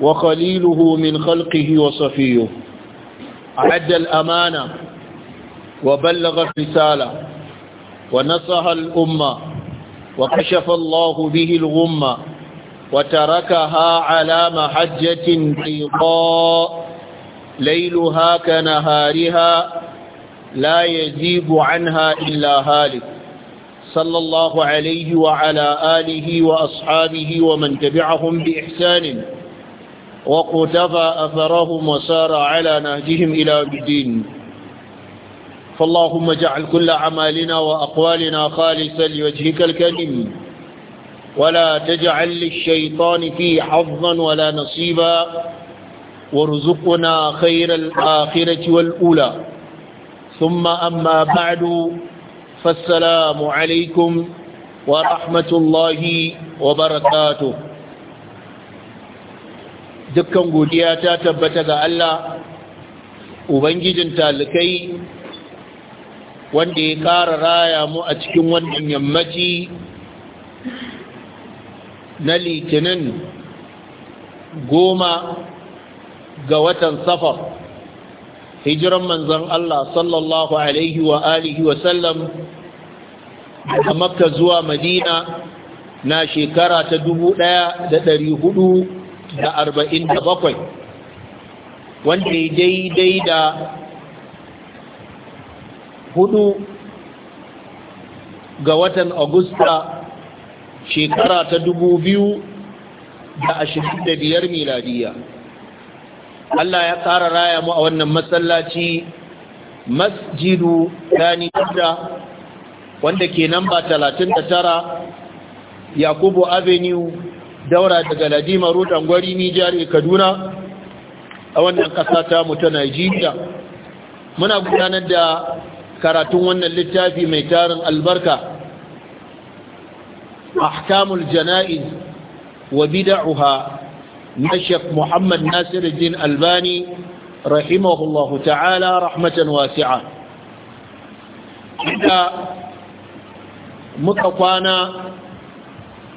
وخليله من خلقه وصفيه عد الأمانة وبلغ الرسالة ونصح الأمة وكشف الله به الغمة وتركها على محجة بيضاء ليلها كنهارها لا يزيب عنها إلا هالك صلى الله عليه وعلى آله وأصحابه ومن تبعهم بإحسان وقتفى أثرهم وسار على نهجهم إلى الدين فاللهم اجعل كل عمالنا وأقوالنا خالصا لوجهك الكريم ولا تجعل للشيطان فيه حظا ولا نصيبا وارزقنا خير الآخرة والأولى ثم أما بعد فالسلام عليكم ورحمة الله وبركاته dukkan godiya ta tabbata ga Allah ubangijin talikai wanda ya ƙara raya mu a cikin wannan yammaci na litinin goma ga watan safar hijiran manzan Allah sallallahu alaihi wa alihi wa sallam a makka zuwa madina na shekara ta dubu ɗaya da ɗari hudu da arba'in da bakwai wanda ya daidai da hudu ga watan agusta shekara ta dubu biyu da ashirin da biyar miladiya Allah ya ƙara raya mu a wannan matsalaci masjidu gani da wanda ke namba talatin da tara yakubu avenue daura daga ladima rudan gwari nijar kaduna a wannan ƙasa ta mu ta muna gudanar da karatun wannan littafi mai tarin albarka ahkamul jana'iz wa bid'uha na shek Muhammad Nasiruddin Albani rahimahullahu ta'ala rahmatan wasi'a inda muka kwana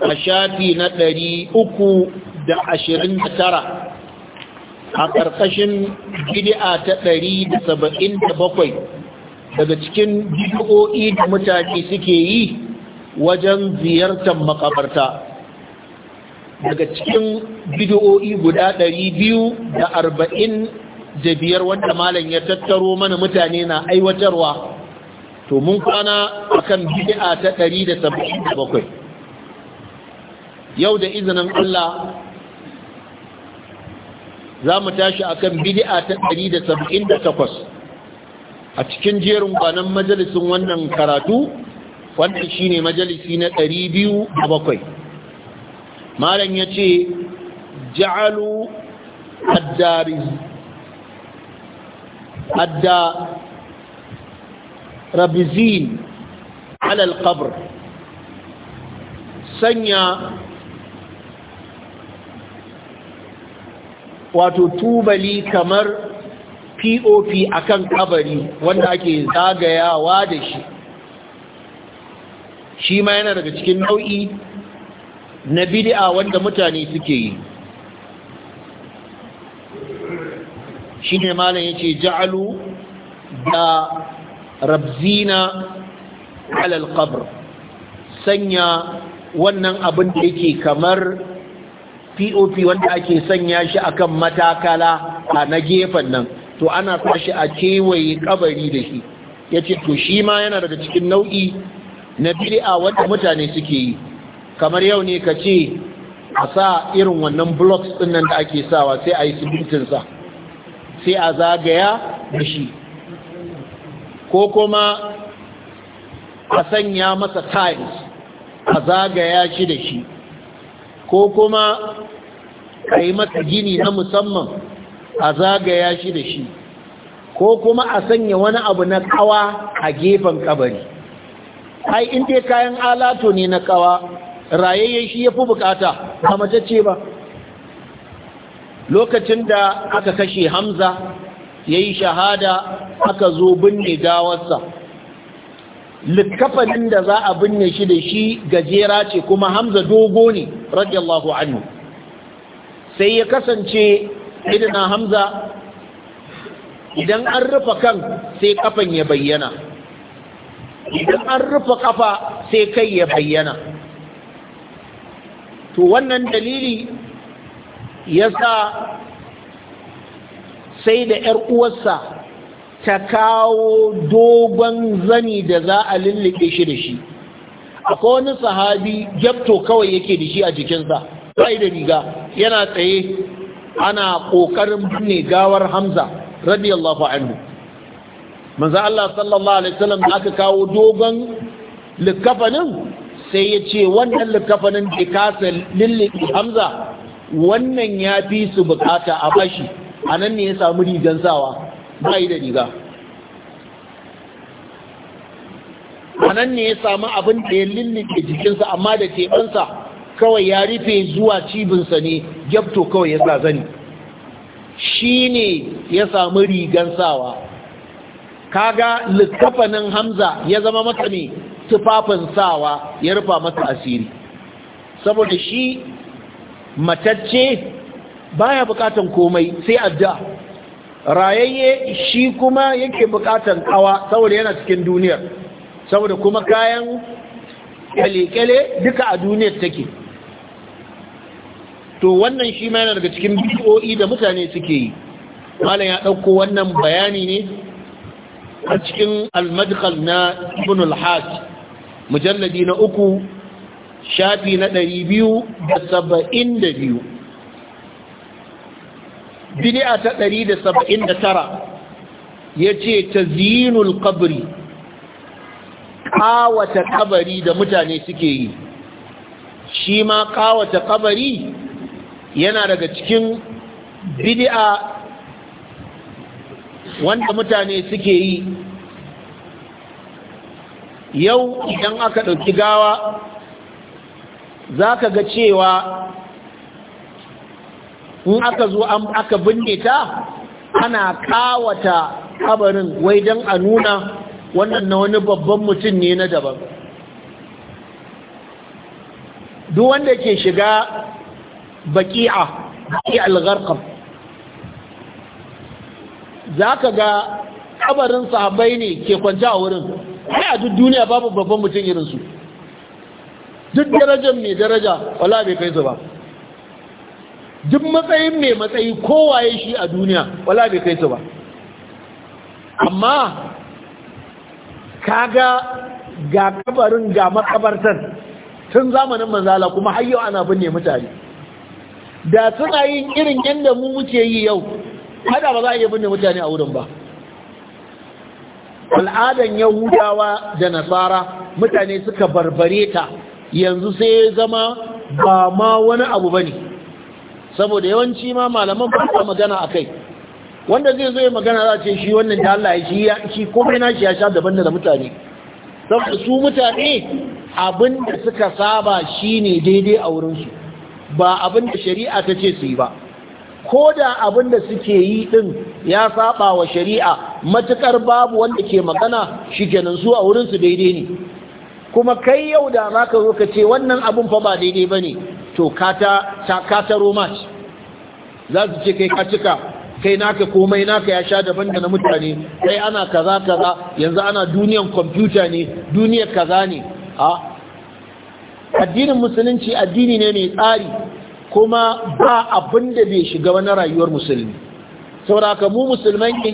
a shafi na ɗari uku da ashirin da tara a ƙarƙashin bidi'a ta ɗari da saba'in da bakwai daga cikin jiko'i da mutane suke yi wajen ziyartar makabarta daga cikin bidiyo'i guda ɗari biyu da arba'in da biyar wanda malam ya tattaro mana mutane na aiwatarwa to mun kwana akan bidi'a ta ɗari da saba'in da bakwai yau da izinin Allah za mu tashi a kan bid'a ta 178 a cikin jerin kwanan majalisun wannan karatu wannan shine majalisi na 207 malam yace ja'alu ad-dari ad ala al sanya wato tubali kamar pop akan kabari wanda ake zagayawa da shi shi ma yana daga cikin nau'i na bid'a wanda mutane suke yi shi ne malam ya ce ja'alu da rabzina alal kabar, sanya wannan abin da yake kamar pop wanda ake sanya shi a kan matakala a na gefen nan to ana tashi a kewaye kabari da shi ya ce to shi ma yana daga cikin nau'i na a wanda mutane suke yi kamar yau ne ka ce a sa irin wannan blocks din nan da ake sawa sai a yi simintinsa sai a zagaya da shi ko kuma a sanya masa tiles a zagaya shi da shi ko kuma a yi masa gini na musamman a zagaya shi da shi ko kuma a sanya wani abu na kawa a gefen kabari ai in dai kayan alato ne na kawa rayayye shi ya fi bukata a matacce ba lokacin da aka kashe hamza ya yi shahada aka zo binne gawarsa Likafalin da za a binne shi da shi gajera ce kuma hamza dogo ne radiyallahu anhu sai ya kasance idina hamza idan an rufe kan sai kafan ya bayyana idan an rufe kafa sai kai ya bayyana to wannan dalili ya sa sai da 'yar uwarsa ta kawo dogon zani da za a lullube shi da shi akwai wani sahabi jabto kawai yake da shi a jikinsa bai da riga yana tsaye ana kokarin binne gawar hamza radiyallahu anhu manzo Allah sallallahu alaihi wasallam aka kawo dogon likafanin sai ya ce wannan likafanin da kasa lullube hamza wannan ya fi su bukata a bashi a nan ne ya samu rigan sawa ba yi da riga a ne ya samu abin da ya lullube jikinsa amma da teɓansa kawai ya rufe zuwa cibinsa ne gyabto kawai ya sa shi ne ya samu rigan sawa kaga littafanin hamza ya zama masa ne tufafin sawa ya rufa masa asiri saboda shi matacce baya bukatan komai sai adda rayayye shi kuma yake bukatan kawa saboda yana cikin duniyar saboda kuma kayan kyale-kyale duka a duniyar take to wannan shi ma yana daga cikin bidiyoyi da mutane suke yi malam ya ɗauko wannan bayani ne a cikin almadkhal na ibn al mujalladi na uku shafi na ɗari biyu da saba'in da biyu bid'a ta ɗari da da 179 yace tazyinul qabri kawata kabari da mutane suke yi shi ma kawata kabari yana daga cikin bidi'a wanda mutane suke yi yau idan aka ɗauki gawa za ka ga cewa in aka zo aka binne ta ana kawata kabarin wai don a nuna wannan na wani babban mutum ne na daban duk wanda ke shiga baki'a baki algarkam za ka ga kabarin sahabai ne ke kwanci a wurin ai a duk duniya babu babban mutum irinsu duk darajar mai daraja wala bai kai su ba duk matsayin mai matsayi kowaye shi a duniya wala bai kai su ba amma kaga ga kabarin ga makabartar tun zamanin manzala kuma har yau ana binne mutane da suna yin irin yadda mu muke yi yau hada ba za a iya binne mutane a wurin ba al'adan yahudawa da nasara mutane suka barbare ta yanzu sai ya zama ba ma wani abu ba ne saboda yawanci ma malaman ba su magana a kai wanda zai zo ya magana za a ce shi wannan da Allah ya shi ya shi komai na shi ya sha daban da mutane saboda su mutane abin da suka saba shi ne daidai a wurinsu ba abin da shari'a ta ce su yi ba ko da abin da suke yi din ya saba wa shari'a matukar babu wanda ke magana shi kenan su a wurinsu daidai ne kuma kai yau da ma ka zo ka ce wannan abun fa ba daidai ba ne to kata ta match za su ce kai ka cika kai naka komai naka ya sha daban da na mutane kai ana kaza kaza yanzu ana duniyar kwamfuta ne duniyar kaza ne a addinin musulunci addini ne mai tsari kuma ba abin da bai shiga wani rayuwar musulmi saboda mu musulmai ne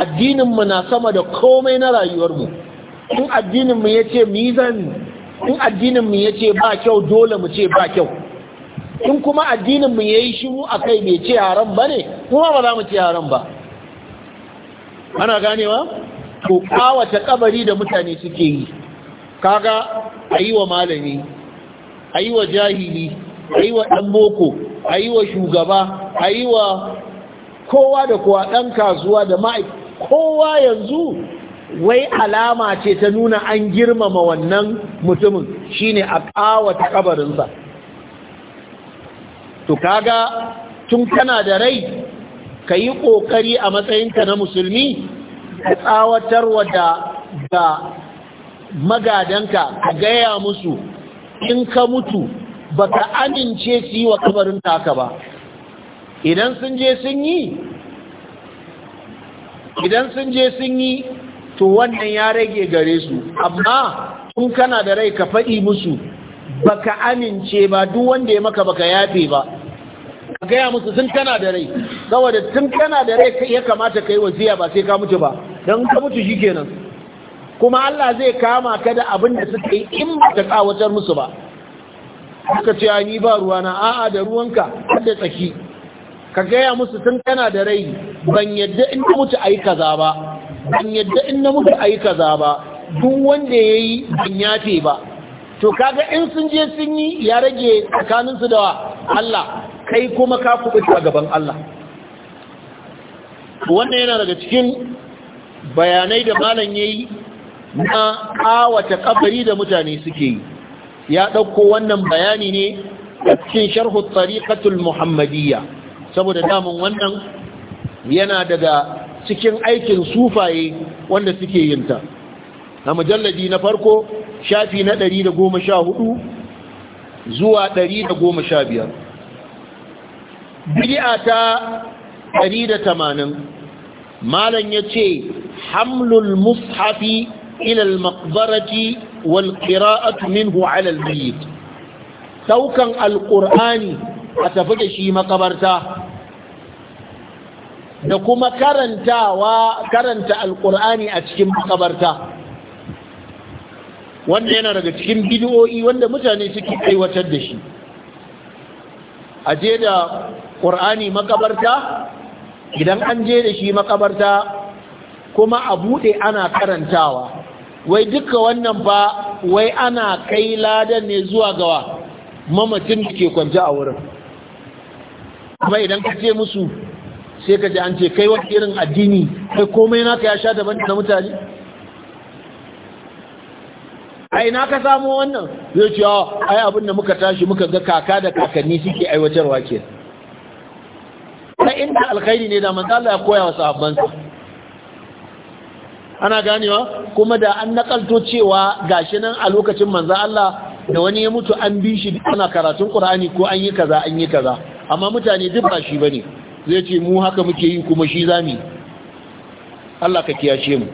addininmu na sama da komai na rayuwarmu in addinin mu yace mizan in addinin mu yace ba kyau dole mu ce ba kyau in kuma addinin mu yayi shiru akai bai ce haram bane kuma ba za mu ce haram ba ana ganewa to ta kabari da mutane suke yi kaga ayiwa malami ayiwa jahili ayiwa wa dan boko ayiwa wa shugaba ayiwa kowa da kowa dan kasuwa da mai kowa yanzu wai alama ce ta nuna an girmama wannan mutumin shine a ƙawata kabarinsa to kaga tun kana da rai ka yi ƙoƙari a matsayinka na musulmi ka tsawatar da ga magadanka ka gaya musu in ka mutu ba ka amince su yi wa kabarin taka ba idan sun je sun yi idan sun je sun yi to wannan ya rage gare su amma kun kana da rai ka faɗi musu baka amince ba duk wanda ya maka baka yafe ba ka gaya musu sun kana da rai saboda tun kana da rai ya kamata ka yi wasiya ba sai ka mutu ba don ka mutu shi kenan kuma Allah zai kama ka da abin da suka yi in ba ka tsawatar musu ba suka ce ni ba ruwa na, a'a da ruwanka da tsaki ka gaya musu tun kana da rai ban yadda in ka mutu a yi kaza ba ban yadda in na mutu a yi kaza ba duk wanda ya yi ban yafe ba to kaga in sun je sun yi ya rage tsakaninsu da Allah kai kuma ka a gaban Allah wannan yana daga cikin bayanai da malam ya yi na kawata ƙabari da mutane suke yi ya ɗauko wannan bayani ne a cikin sharhu tsariƙatul muhammadiyya saboda damun wannan yana daga cikin aikin sufaye wanda suke yinta a mujalladi na farko shafi na 114 zuwa 115 bid'a ta 180 malan yace hamlul mushafi ila al-maqbarati wal qira'atu minhu ala al-bayt saukan al-qur'ani a tafi da shi makabarta da kuma karantawa karanta alkur'ani a cikin makabarta wanda yana daga cikin bid'o'i wanda mutane suke aiwatar da shi a je da ƙur'ani makabarta idan an je da shi makabarta kuma a buɗe ana karantawa wai duka wannan ba wai ana kai ladan ne zuwa gawa mamacin da ke kwanci a wurin kuma idan ka ce musu sai ka ji an ce kai wani irin addini kai komai naka ya sha daban na mutane ai na ka samu wannan zai ce ah, ai abin da muka tashi muka ga kaka da kakanni suke aiwatarwa ke ta inda alkhairi ne da manzo ya koya wa abansa ana ganewa kuma da an nakalto cewa gashi nan a lokacin manza Allah da wani ya mutu an bi shi ana karatun ƙur'ani ko an yi kaza an yi kaza amma mutane duk ba shi bane zai ce mu haka muke yi kuma shi zami Allah ka kiyashe mu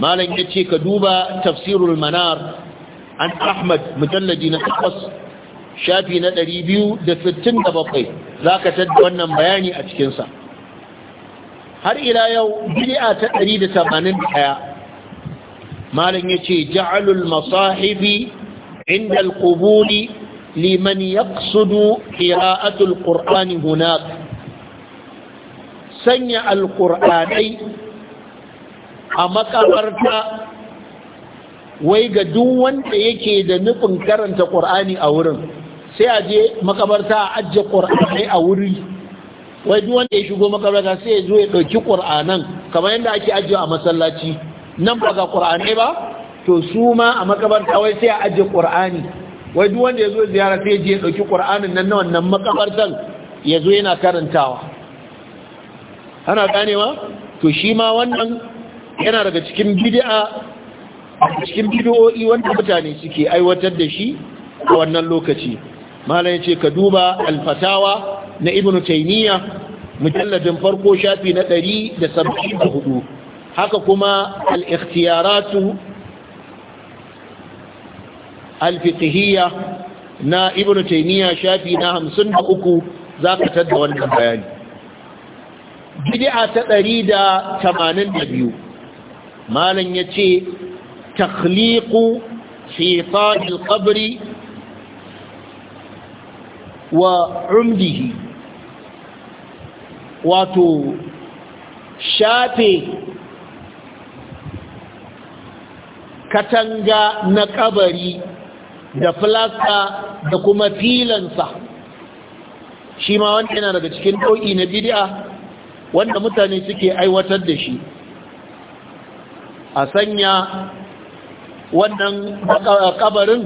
malam ya ce ka duba tafsirul manar an ahmad mujallaji na takwas shafi na 267 za ka tadda wannan bayani a cikinsa har ila yau bid'a ta 181 malam ya ce ja'alul masahifi inda al-qubuli liman yaqsudu qira'atul qur'ani hunaka sanya alkur'anai a makabarta wai ga duk wanda yake da nufin karanta ƙur'ani a wurin sai a je makabarta a ajiye ƙur'anai a wuri wai duk wanda ya shigo makabarta sai ya zo ya ɗauki ƙur'anan kamar yadda ake ajiye a masallaci nan ba ga ƙur'anai ba to su ma a makabarta wai sai a ajiye ƙur'ani wai duk wanda ya zo ziyara sai ya je ya ɗauki ƙur'anin nan na wannan makabartan ya zo yana karantawa ana ganewa to shi ma wannan yana daga cikin bid'a cikin bid'o'i wanda mutane suke aiwatar da shi a wannan lokaci malam ce ka duba alfatawa na ibn taymiya mujalladin farko shafi na 174 haka kuma al-ikhtiyaratu al-fiqhiyya na ibn taymiya shafi na 53 zaka tada wannan bayani bid'a ta 182 malan yace takhliqu fi ta'il qabri wa umdihi wato shafe katanga na kabari da filasta da kuma filansa shi ma wanda yana daga cikin ɗau'i na bid'a wanda mutane suke aiwatar da shi a sanya wannan kabarin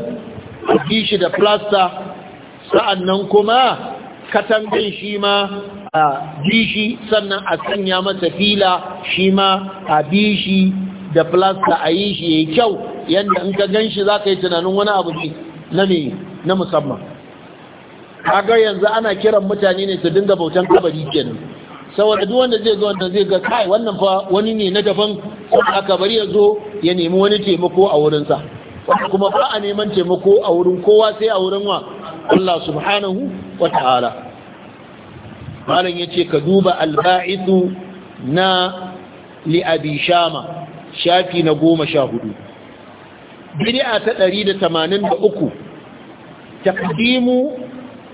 a shi da plasta sa'annan kuma katangan shi ma a shi sannan a sanya masa fila shi ma a shi da plasta a yi shi yi kyau yadda in ka gan shi za ka yi tunanin wani abu ne na musamman kaga yanzu ana kiran mutane ne su dinga bautan kabari kenan saboda duk wanda zai zo wanda zai ga kai wannan fa wani ne na daban sai aka bari ya zo ya nemi wani taimako a wurinsa sa kuma ba a neman taimako a wurin kowa sai a wurin wa Allah subhanahu wa ta'ala malam yace ka duba alba'ithu na li abi shama shafi na goma sha hudu bid'a ta ɗari da tamanin da uku taqdimu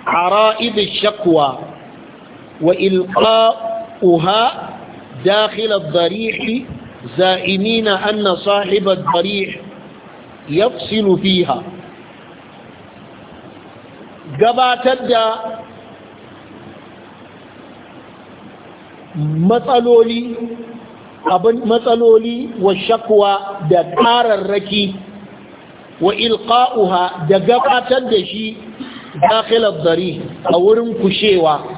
ara'id shakwa wa ilqa'uha داخل الضريح زائمين أن صاحب الضريح يفصل فيها gabatar da matsaloli abin matsaloli wa shakwa da ƙararraki wa ilqa'uha da gabatar da shi dakilar zari a wurin kushewa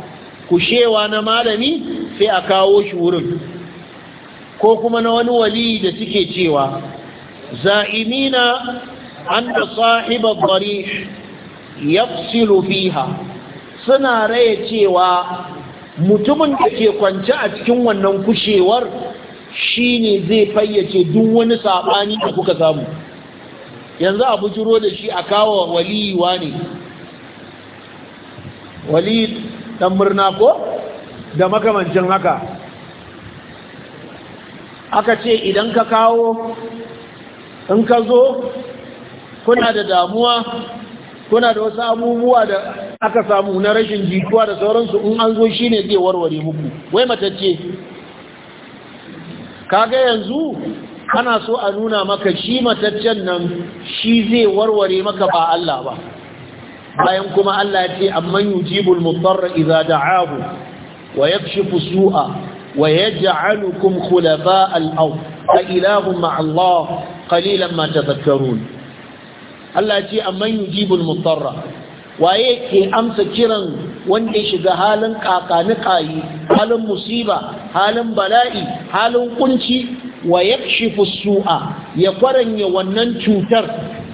kushewa na malami sai a kawo shi wurin ko kuma na wani wali da suke cewa za'imina an da sahibar bari fiha suna raya cewa mutumin da ke kwance a cikin wannan kushewar shine zai fayyace duk wani saɓani da kuka samu yanzu a bujiro da shi a kawo waliwa ne ɗan murna ko da makamancin haka aka ce idan ka kawo in ka zo kuna da damuwa kuna da wasu abubuwa da aka samu na rashin jituwa da sauransu in an zo shi ne zai warware muku wai matacce kaga yanzu ana so a nuna maka shi mataccen nan shi zai warware maka ba Allah ba bayan kuma Allah ya ce amman yujibul mudarra idza da'ahu wa yakshifu su'a wa yaj'alukum khulafa ard fa ilahum ma'a Allah qalilan ma tadhakkarun Allah ya ce amman yujibul mudarra waye ke amsa kiran wanda ya shiga halin kakani kayi halin musiba halin bala'i halin kunci wa yakshifu su'a ya kwaranya wannan cutar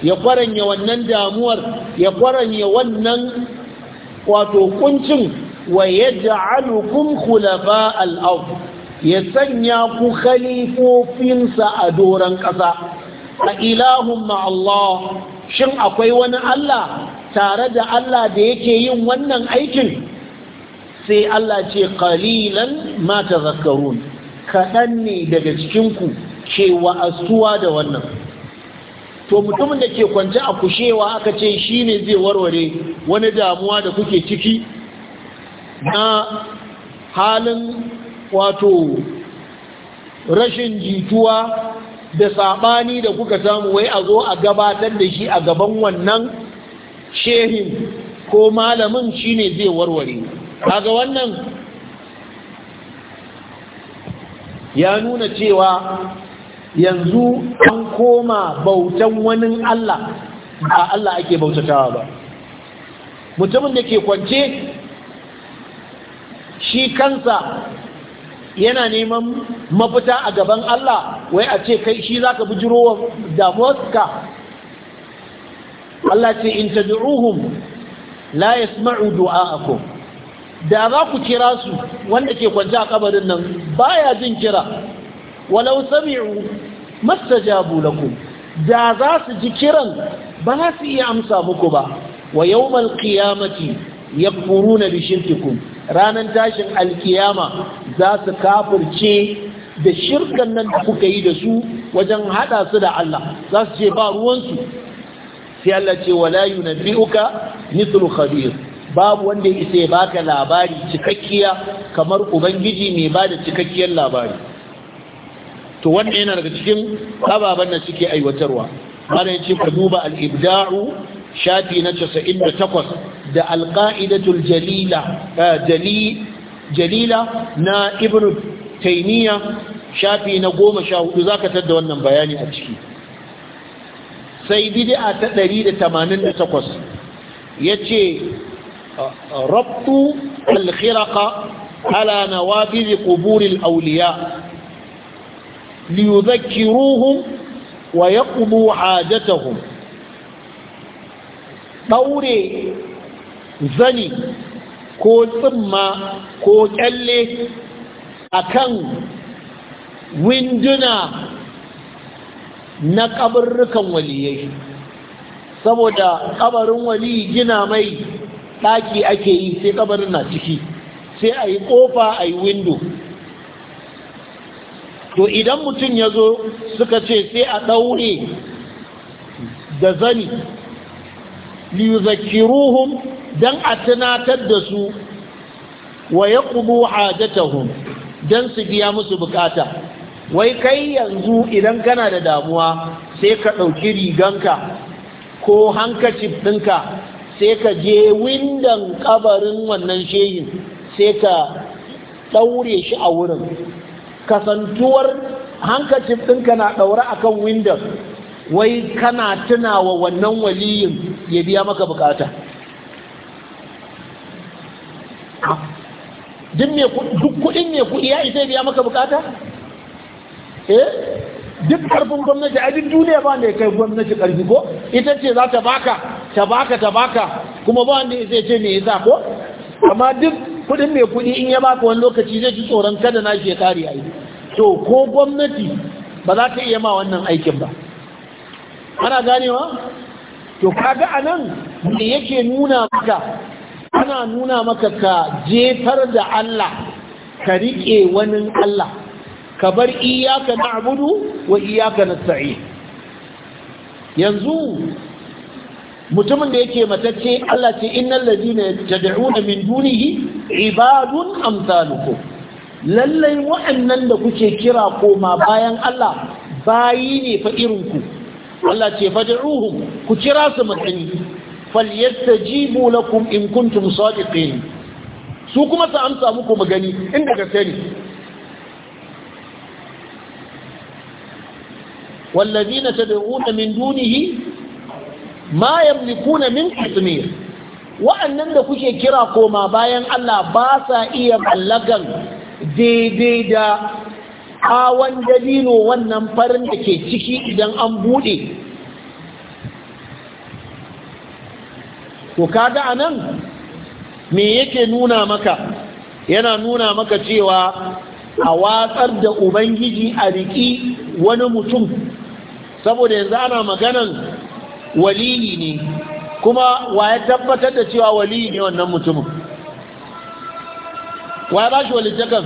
ya kwaranya wannan damuwar ya kwaranya wannan wato kuncin wa yaj'alukum khulafa al-ard ya sanya ku khalifofinsa a doran ƙasa a ilahun Allah shin akwai wani Allah tare da Allah da yake yin wannan aikin sai Allah ce qalilan ma tazakkarun kaɗan ne daga cikinku ke wa'astuwa da wannan to mutumin da ke kwance a kushewa aka ce shi ne zai warware wani damuwa da kuke ciki na halin wato rashin jituwa da saɓani da kuka samu wai a zo a gabatar da shi a gaban wannan shehin ko malamin shi ne zai warware kaga wannan ya nuna cewa yanzu an koma bautan wani Allah ba Allah ake bautatawa ba mutumin da ke kwance shi kansa yana neman mafita a gaban Allah wai a ce kai shi za ka bujiro wa damuwarka Allah ce in tad'uhum la yasma'u du'a'akum da za ku kira su wanda ke kwance a kabarin nan baya jin kira walau sami'u mastajabu lakum da za su ji kiran ba su iya amsa muku ba wa yawmal qiyamati yakfuruna bi shirkikum ranan tashin alkiyama za su kafirce da shirkan nan da kuka yi da su wajen hada su da Allah za su ce ba ruwansu sai Allah ce wala yunabbi'uka mithlu khabir babu wanda ya isa ya baka labari cikakkiya kamar ubangiji mai bada cikakkiyar labari to wannan yana daga cikin ababen da suke aiwatarwa ana yace ka duba al-ibda'u shafi na casa'in da al-qa'idatul jalila eh, jalila na ibn shafi na za ka tada wannan bayani a ciki sai bid'a ta 188 yace rabtu al-khiraqa ala nawabidh qubur al-awliya liyuzakkiruhum wa yaqdu hajatahum daure zani ko tsimma ko kyalle akan winduna na kabarrukan waliyai saboda kabarin wali gina mai ɗaki ake yi sai kabarin na ciki sai a yi ƙofa a yi windo to idan mutum ya zo suka ce sai a ɗaure da zani ruhun don a tunatar da su wa ya ƙubu hajjatahun don su biya musu bukata wai kai yanzu idan kana da damuwa sai ka ɗauki riganka ko hankacif ɗinka sai ka je windan ƙabarin wannan shehin sai ka ɗaure shi a wurin kasantuwar hankacin ɗinka na ɗaure kan windows wai kana tuna wa wannan waliyin ya biya maka bukata ah, duk kuɗin mai kuɗi ya isa ya biya maka bukata? eh duk ƙarfin gwamnati a duk duniya ba da ya kai gwamnati ƙarfi ko ita ce za ta baka ta baka ta baka kuma ba wanda ya ce me za ko amma duk kudin mai kudi in ya baka wani lokaci zai ci tsoron kada na shi ya kare a yi? to ko gwamnati ba za ta iya ma wannan aikin ba ana ganewa to kaga nan me yake nuna maka ana nuna maka ka jefar da Allah ka riƙe wani Allah ka bar iyaka na abudu wa iyaka na sa'i yanzu mutumin da yake matacce Allah ce innal ladina tad'una min dunihi ibadun amsalukum lallai wa'annan da kuke kira koma bayan Allah bayi ne fa irin ku Allah ce fad'uhum ku kira su mutane falyastajibu lakum in kuntum sadiqin su kuma su amsa muku magani inda ka sani والذين تدعون من دونه ma yamlikuna min qitmir wa'annan da kuke kira koma bayan Allah ba sa iya mallakan daidai da awan dalilo wannan farin da ke ciki idan an bude to kaga anan me yake nuna maka yana nuna maka cewa a watsar da ubangiji a riki wani mutum saboda yanzu ana maganan waliyi ne kuma wa ya tabbatar da cewa waliyi ne wannan mutumin wa ya bashi walittakan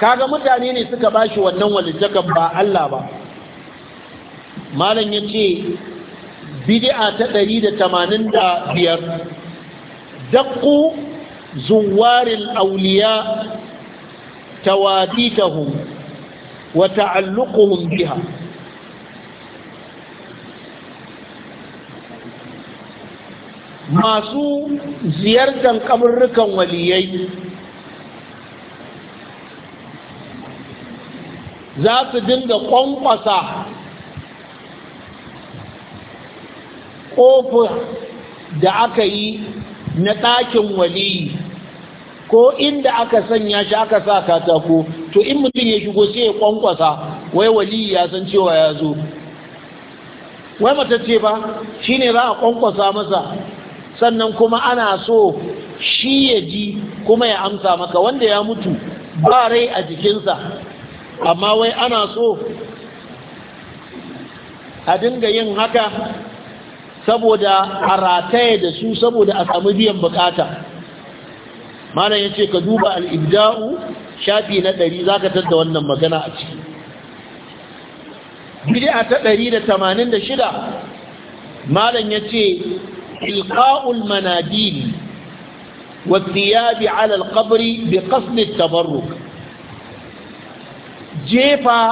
kaga mutane ne suka bashi wannan walittakan ba Allah ba malam ya ce bid'a ta 185 daqqu zuwaril awliya tawaditahum wa ta'alluquhum biha masu ziyartar kaburrukan waliyai za su dinga kwankwasa ƙofa da aka yi na ɗakin waliyi ko inda aka sanya shi aka sa katako to in mutum ya shigo sai ya kwankwasa wai waliyi ya san cewa ya zo wai matacce ba shi ne za a kwankwasa masa sannan kuma ana so shi ya ji kuma ya amsa maka wanda ya mutu ba rai a jikinsa amma wai ana so a dinga yin haka saboda a rataye da su saboda a samu biyan bukata malam ya ce ka duba al'ibda'u shafi na ɗari za ka tattata wannan magana a ciki bidi a ta ɗari da tamanin da shida malam ya ce إلقاء المناديل والثياب على القبر بقصد التبرك jefa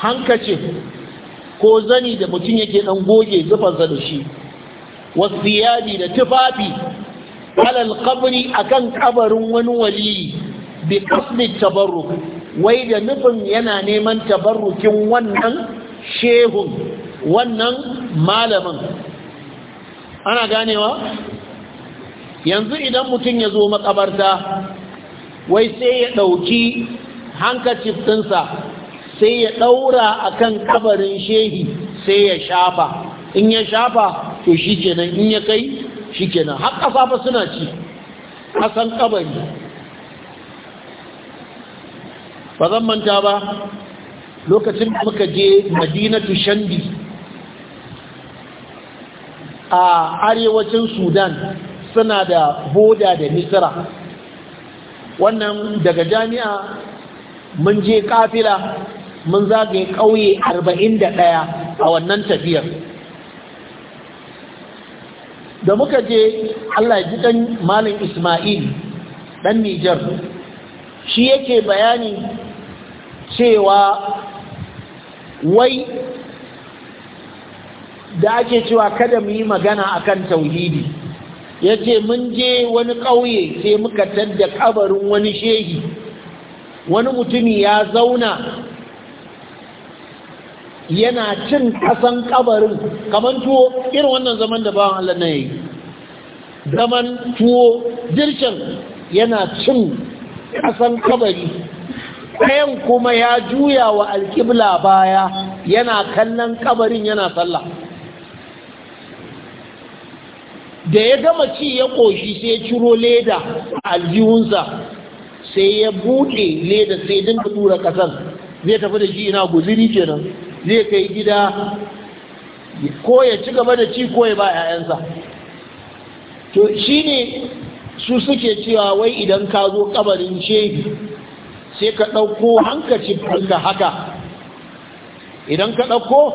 hankacin ko zani da mutum yake ɗan goge zufansa da shi wasiyadi da tufafi alal qabri akan ƙabarin wani wali bi qasdi tabarruk wai da nufin yana neman tabarrukin wannan shehun wannan malamin ana ganewa yanzu idan mutum ya zo makabarta wai sai ya ɗauki hankacif ɗinsa sai ya ɗaura a kan kabarin shehi sai ya shafa in ya shafa to shi kenan in ya kai shi kenan har ƙasa suna ci ƙasan ƙabari. ba zan manta ba lokacin da muka je madinatu shandi a arewacin sudan suna da boda da misira wannan daga jami'a mun je kafila mun zagaye ƙauye 41 a wannan tafiyar da muka je allah ji ɗan malin ismail ɗan nijar shi yake bayani cewa wai da ake cewa kada mu yi magana akan tauhidi ya ce mun je wani ƙauye sai muka tadda kabarin wani shehi wani mutumi ya zauna yana cin kasan kabarin kamar tuwo irin wannan zaman da bawan Allah na yi zaman tuwo dirshin yana cin ƙasan kabari ɗayan kuma ya juya wa alƙibla baya yana kallon kabarin yana sallah da ya gama ci ya ƙoshi sai ya ciro leda a aljihunsa sai ya buɗe leda sai dinka tura ƙasar zai tafi da shi ina guziri kenan zai kai gida ko ya ci gaba da ci ko ya ba 'ya'yansa to shi ne su suke cewa wai idan ka zo kabarin shehi sai ka ɗauko hankacin ka haka idan ka ɗauko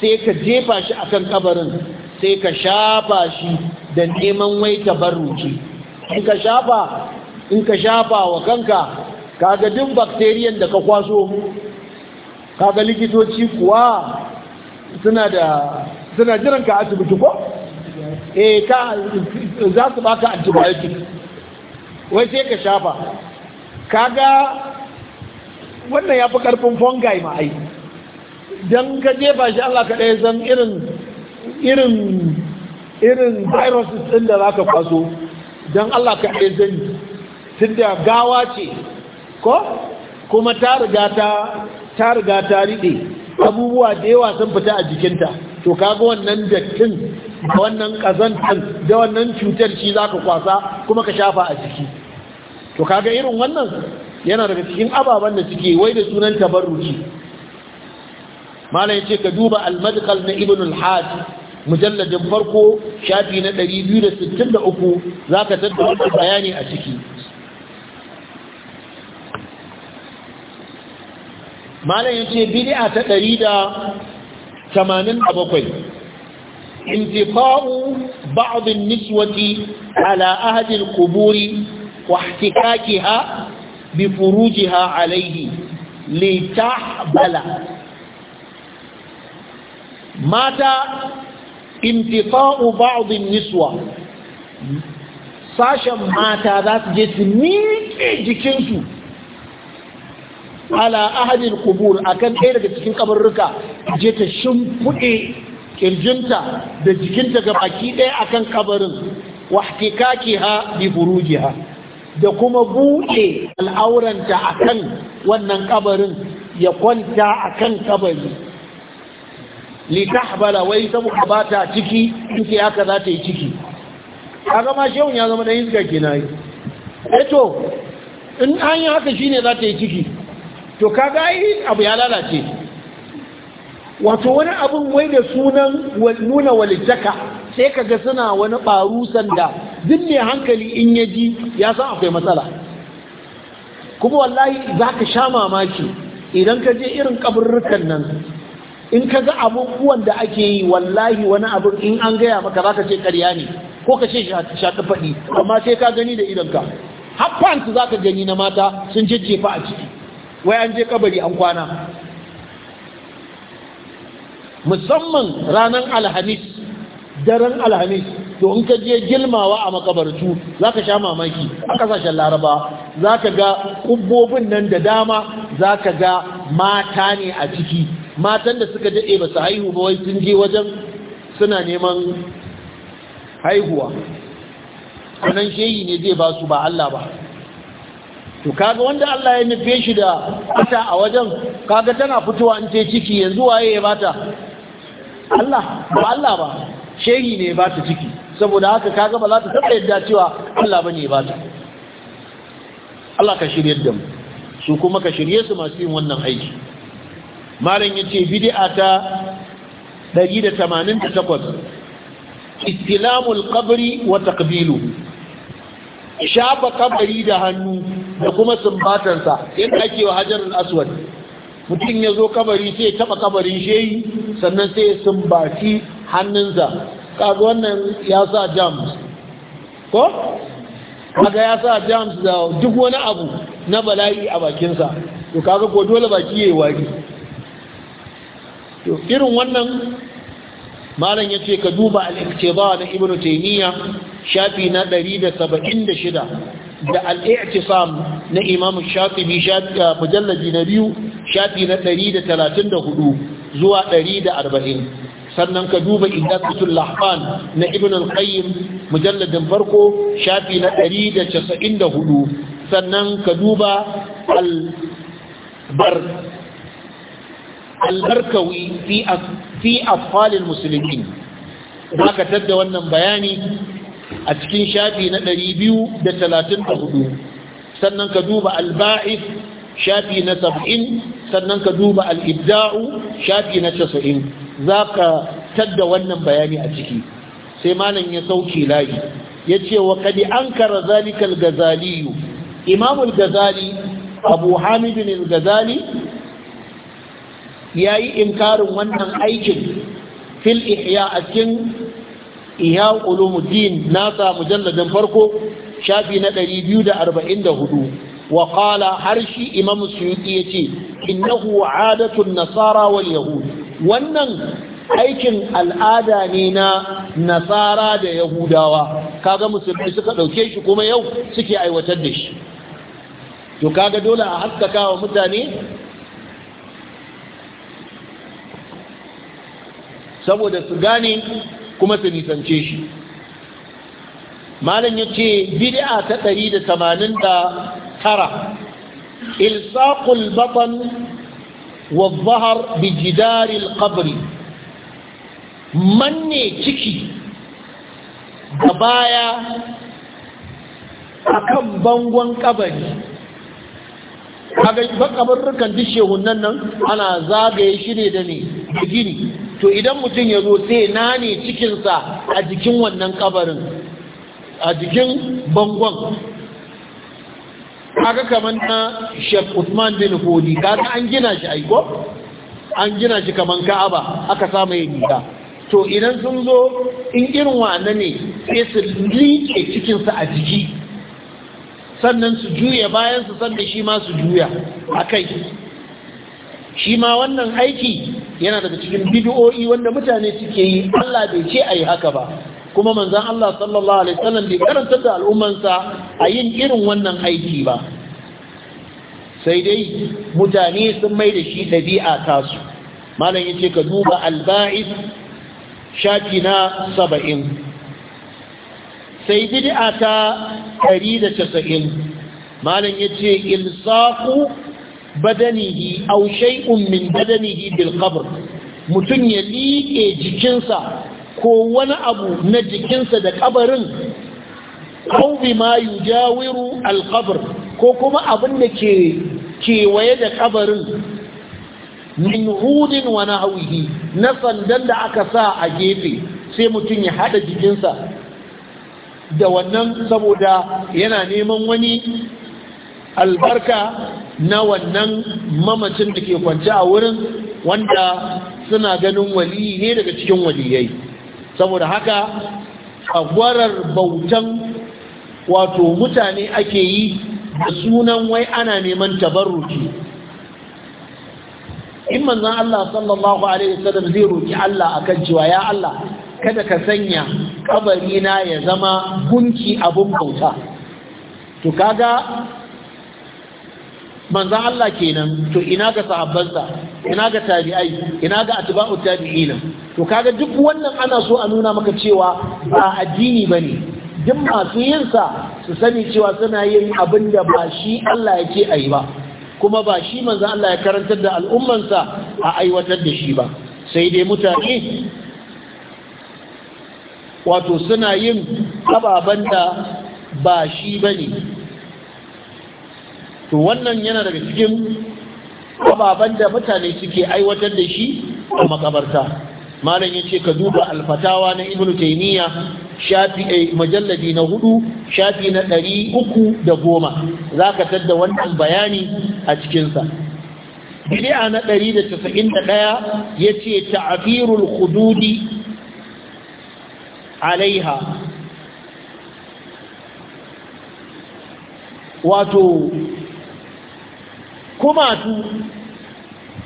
sai ka jefa shi akan ƙabarin. sai ka shafa shi da neman wai tabarruci in ka shafa in ka shafa wa kanka kaga duk bakteriyan da ka kwaso kaga likitoci kuwa suna da suna jiran ka asibiti ko eh ka za su baka antibiotic wai sai ka shafa kaga wannan ya fi karfin fungi ma ai don ka jefa shi Allah ka ɗaya zan irin irin irin virus ɗin da za ka kwaso don Allah ka ɗaya zan tun da gawa ce ko kuma ta riga ta riɗe abubuwa da yawa sun fita a jikinta to kaga wannan dattin da wannan ƙazantar da wannan cutar shi za ka kwasa kuma ka shafa a jiki to kaga irin wannan yana daga cikin ababen da suke wai da sunan tabarruki mala malam ce ka duba almadkal na ibn al mujalladin farko shafi na 263 za ka tattara bayani a ciki malam ya ce bid'a ta 187 intifa'u ba'd an-niswati ala ahli al-quburi wa ihtikakiha bi furujiha alayhi bala. mata intifa'u ba'dhin niswa sashen mata za su je su miƙe jikinsu ala ahadin kubur akan ɗaya daga cikin kabarruka je ta shimfiɗe ƙirjinta da jikinta ga baki ɗaya akan kabarin wahtikaki ha bi ha, da kuma buɗe al'auranta akan wannan kabarin ya kwanta akan ƙabari. litahbala wai saboda ba ta ciki take haka za ta yi ciki kaga ma shehun ya zama dan iska yi. eh to in an yi haka shine za ta yi ciki to kaga ai abu ya lalace wato wani abun wai da sunan nuna walittaka sai kaga suna wani barusan da duk ne hankali in ya ji ya san akwai matsala kuma wallahi za ka sha mamaki idan ka je irin kaburrukan nan in ka ga abubuwan da ake yi wallahi wani abu in an gaya maka za ka ce karya ne ko ka ce shaƙi faɗi amma sai ka gani da idonka su za ka gani na mata sun jejjefa a ciki wai an je kabari an kwana musamman ranar alhamis daren alhamis to in ka je gilmawa a makabartu za ka sha mamaki a ƙasashen laraba za ka ga ƙubbobin nan da dama za ka ga mata ne a ciki matan da suka daɗe ba su haihu ba wai sun je wajen suna neman haihuwa wannan shehi ne zai ba su ba Allah ba to kaga wanda Allah ya nufe shi da ata a wajen kaga tana fitowa in ce ciki yanzu waye ya bata Allah ba Allah ba shehi ne ya bata ciki saboda haka kaga ba za ta taɓa yadda cewa Allah bane ya bata Allah ka shirye da mu su kuma ka shirye su masu yin wannan aiki malam yace bid'a ta 188 istilamul qabri wa taqbilu shafa kabari da hannu da kuma sumbatansa yadda ake wa hajar aswad mutum ya zo kabari sai taba kabarin shehi sannan sai ya hannunsa kaga wannan ya sa jams ko? kaga ya sa jams da duk wani abu na bala'i a bakinsa to kaga ko dole baki yayi wari irin wannan malam yace ka duba al-iqtida na ibnu taymiya shafi na 176 da al-i'tisam na imam shafi mujallabi na biyu shafi na 134 zuwa 140 sannan ka duba idatul lahfan na ibn al-qayyim mujalladin farko shafi na 194 sannan ka duba al-bar albarkawi fi afalin musulmi za ka tadda wannan bayani a cikin shafi na 234 sannan ka duba alba'if shafi na 70 sannan ka duba al'ibda'u shafi na 90 za ka tadda wannan bayani a ciki sai malam ya sauke layi ya ce wa kadi an kara zalikal gazaliyu imamul gazali abu hamidin gazali ya yi inkarin wannan aikin fil ihya a cikin ihya ulumuddin nasa mujalladin farko shafi na 244 wa qala har shi imam ya yace innahu adatun nasara wal wannan aikin al'ada ne na nasara da yahudawa kaga musulmi suka dauke shi kuma yau suke aiwatar da shi to kaga dole a haskaka wa mutane saboda su gane kuma su nisance shi malam ya ce bid'a ta 189 ilsaqul batan wa zahar bi jidaril kabari, manne ciki da baya akan bangon kabari kaga kabarrukan duk shehunan nan ana zagaye shi ne da ne da gini to idan mutum ya zo sai na ne cikinsa a jikin wannan kabarin a jikin bangon haka kamar na Sheikh Usman bin Fodi kaga an gina shi aiko an gina shi kamar Ka'aba aka samu yin gida to idan sun zo in irin wa'annan ne sai su liƙe cikinsa a jiki sannan su juya bayan su sanda shi ma su juya a kai, shi ma wannan aiki yana daga cikin bid'o'i wanda mutane suke yi Allah bai ce ayi haka ba kuma manzon Allah sallallahu alaihi wasallam bai karanta da al'ummansa a yin irin wannan aiki ba sai dai mutane sun mai da shi dabi'a su. malam yace ka duba al-ba'id shafi na 70 sai bid'a ta 190 malam yace insafu. badanihi aw shay'un min badanihi bil qabr mutun ya liƙe jikinsa ko wani abu na jikinsa da kabarin aw bima yujawiru al qabr ko kuma abin da ke kewaye da kabarin min hudin wa nahwihi na sandan da aka sa a gefe sai mutum ya hada jikinsa da wannan saboda yana neman wani albarka na wannan mamacin da ke kwanci a wurin wanda suna ganin wali ne daga cikin waliyai saboda haka tsagwarar bautan wato mutane ake yi da sunan wai ana neman tabarruki in manzan Allah sallallahu Alaihi wasallam zai roƙi Allah a kan cewa ya Allah kada ka sanya kabarina ya zama gunki abin bauta to kaga manzan Allah kenan to ina ga sahabbansa ina ga tabi'ai ina ga atba'u tabi'ina to kaga duk wannan ana so a nuna maka cewa ba addini bane duk masu yin sa su sani cewa suna yin abin da ba shi Allah yake ayi ba kuma ba shi manzan Allah ya karantar da al'ummansa a aiwatar da shi ba sai dai mutane wato suna yin ababen da ba shi bane to wannan yana daga cikin ababen da mutane suke aiwatar da shi a makabarta malam ya ce ka duba alfatawa na ibnu taimiyya shafi eh, majalladi na hudu shafi na ɗari uku da goma za ka tadda wannan bayani a cikinsa bid'a na ɗari da casa'in da ɗaya ya ce ta'afirul hududi alaiha wato kumatu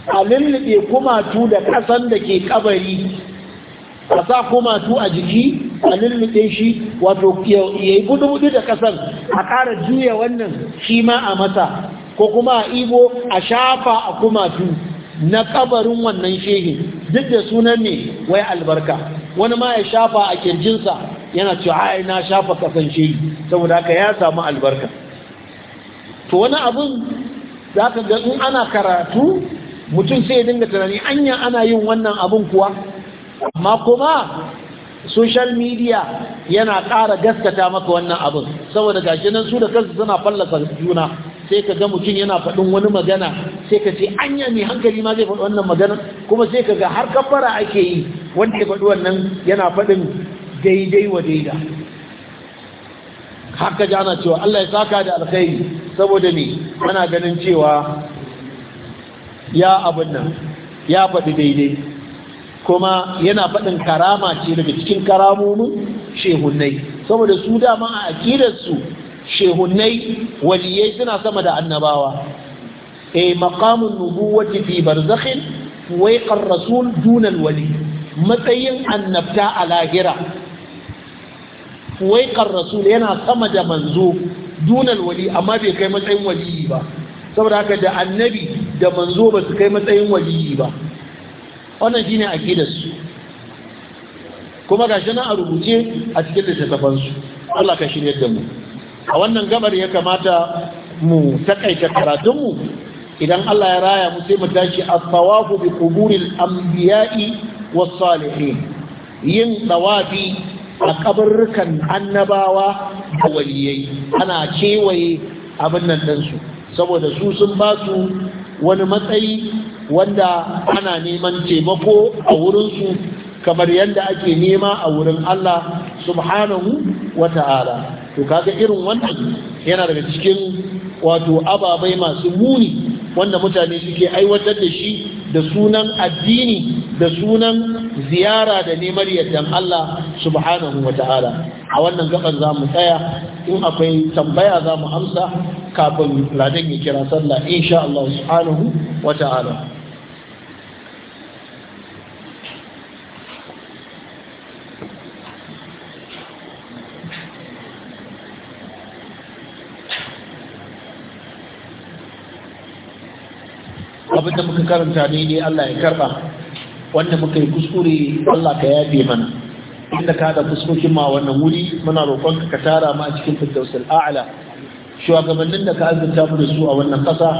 a lullube kumatu da kasan da ke kabari a sa kumatu a jiki a lullube shi wato ya yi gudu da kasan a ƙara juya wannan shi ma a mata, ko kuma a ibo a shafa a kumatu na kabarin wannan shehin duk da sunan ne wai albarka wani ma ya shafa a kirjinsa yana cewa ai na shafa kasan shehi saboda haka ya samu albarka to wani abun za ka ga in ana karatu mutum sai ya dinga tunani anya ana yin wannan abin kuwa amma kuma social media yana ƙara gaskata maka wannan abin saboda gashi nan su da kansu suna fallasa juna sai ka ga mutum yana faɗin wani magana sai ka ce anya mai hankali ma zai faɗi wannan magana kuma sai ka ga har kafara ake yi wanda ya faɗi wannan yana faɗin daidai wa daida haka ji ana cewa Allah ya saka da alkhairi saboda ne ana ganin cewa ya abin nan ya faɗi daidai kuma yana faɗin karama ce daga cikin karamomin shehunnai saboda su dama a akidarsu shehunnai waliyai suna sama da annabawa eh maqamun nubuwati fi barzakhin waiqar rasul dunal wali matsayin annabta a lahira fuwaikar rasul yana sama da manzo dunan wali amma bai kai matsayin waliyi ba saboda haka da annabi da manzo ba su kai matsayin waliyi ba wannan shine su kuma gashi nan a rubuce a cikin da littattafansu Allah ka shirya da mu a wannan gabar ya kamata mu takaita mu? idan Allah ya raya mu sai mu tashi as-sawafu bi quburil anbiya'i was salihin yin tawafi a ƙabarrukan annabawa da waliyai ana kewaye abin nan ɗansu saboda su sun ba su wani matsayi wanda ana neman taimako a wurinsu kamar yadda ake nema a wurin Allah subhanahu wa ta'ala to kaga irin wannan yana daga cikin wato ababai masu muni wanda mutane suke aiwatar da shi da sunan addini da sunan ziyara da neman yardan Allah subhanahu wa ta'ala a wannan gaban za mu tsaya in akwai tambaya za mu amsa kafin ladan ya kira sallah insha Allah subhanahu wa ta'ala abin da muka karanta ne ne Allah ya karba wanda muka yi kuskure Allah ka yafe mana inda ka da fuskokin ma wannan wuri muna roƙon ka tara mu a cikin firdausul a'la shugabannin da ka azurta mu da su a wannan ƙasa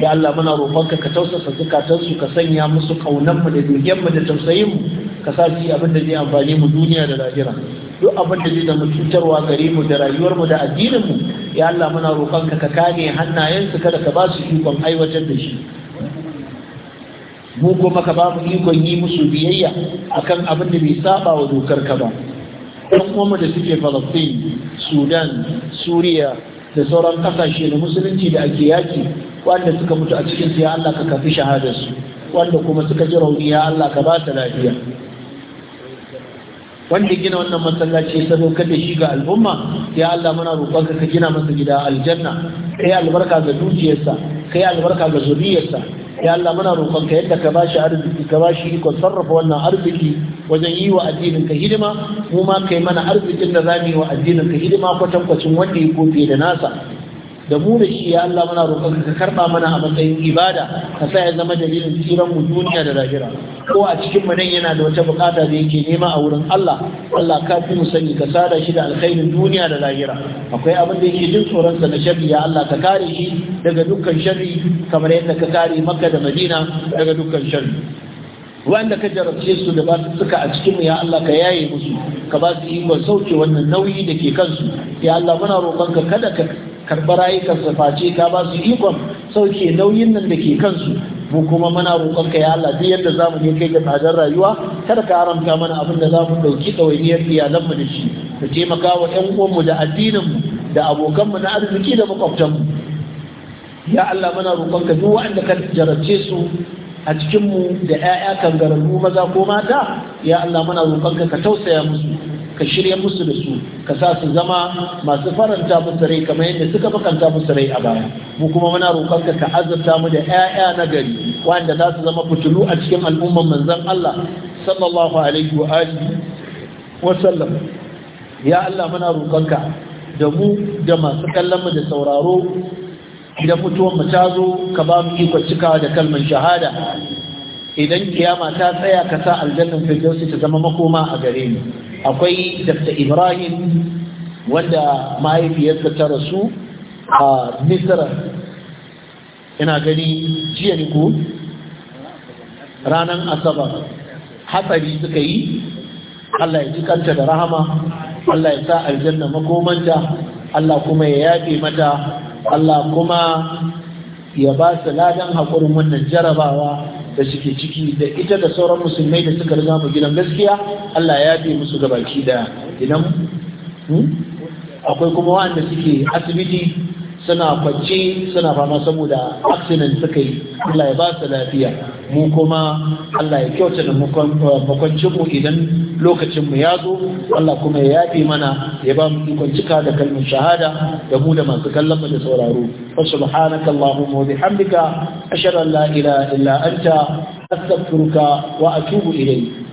ya Allah muna roƙon ka ka tausasa zukatansu ka sanya musu kaunan mu da dogen mu da tausayin mu ka sa su abin da zai amfani mu duniya da lahira duk abin da zai zama cutarwa gare mu da rayuwar mu da addinin mu ya Allah muna roƙon ka ka kame hannayensu kada ka ba su ikon aiwatar da shi mu kuma ka ba mu ikon yi musu biyayya akan abin da bai saba wa dokar ka ba ɗan kuma da suke falastin sudan suriya da sauran ƙasashe na musulunci da ake yaki wanda suka mutu a cikin ya allah ka kafi shahadarsu wanda kuma suka ji rauni ya allah ka ba ta lafiya wanda gina wannan masallaci ya sadaukar da shi ga al'umma ya Allah muna roƙonka ka gina masa gida aljanna kai albarka ga dukiyarsa kai albarka ga zuriyarsa ya Allah muna roƙon ka yadda ka bashi arziki ka bashi ikon sarrafa wannan arziki wajen yi wa addinin ka hidima mu ma kai mana arzikin da zamu yi wa addinin ka hidima kwatankwacin wanda ya kofe da nasa da mu da shi ya Allah muna roƙon ka karɓa mana a matsayin ibada ka sa ya zama dalilin tsiran mu duniya da lahira ko a cikin mu nan yana da wata bukata da yake nema a wurin Allah Allah ka fi mu sani ka sada shi da alkhairin duniya da lahira akwai abin da yake jin tsoron sa na sharri ya Allah ka kare shi daga dukkan sharri kamar yadda ka kare Makka da Madina daga dukkan sharri wanda ka jarabce su da ba su suka a cikin ya Allah ka yaye musu ka ba su wa sauke wannan nauyi da ke kansu ya Allah muna ka kada ka karɓi rayukansa face ka ba su ikon sauke nauyin nan da ke kansu mu kuma muna roƙonka ya Allah duk yadda zamu je kai ga tsadar rayuwa kada ka haramta mana abin da zamu dauki ɗawainiyar iyalanmu da shi ka taimaka wa ƴan uwanmu da addinin mu da abokanmu na arziki da mu ya Allah muna roƙonka duk wanda ka jarabce su a cikin mu da 'ya'ya kangararru maza ko mata ya Allah muna roƙonka ka tausaya musu ka shirya musu da su ka sa su zama masu faranta musu rai kamar yadda suka bakanta musu rai a baya mu kuma muna roƙonka ka azurta mu da 'ya'ya na gari wanda za su zama fitulu a cikin al'umman manzon Allah sallallahu alaihi wa alihi wa sallam ya Allah muna roƙonka da mu da masu kallon mu da sauraro da mutuwar mu ta zo ka ba mu ikon cikawa da kalmar shahada idan kiyama ta tsaya ka sa aljannan firdausi ta zama makoma a gare mu akwai dr ibrahim wanda mahaifiyarsa ta rasu a misra ina gani jiya ne ko ranar asabar hatsari suka yi allah ya ji kanta da rahama allah ya sa aljanna makomanta allah kuma ya yafe mata allah kuma ya ba su ladan haƙurin wannan jarabawa da suke ciki da ita da sauran musulmai da suka riga mu gidan gaskiya Allah ya bi musu gabaki da gidan hmm? akwai kuma wanda suke asibiti suna kwace suna fama saboda accident suka yi Allah ya ba su lafiya mu kuma Allah ya kyauta da eh, mu idan lokacinmu ya zo Allah kuma ya yafe mana ya ba mu ikon cika da kalmar shahada da mu da masu kallon da sauraro wa subhanaka allahumma wa bihamdika ashhadu an la ilaha illa anta astaghfiruka wa atubu ilayk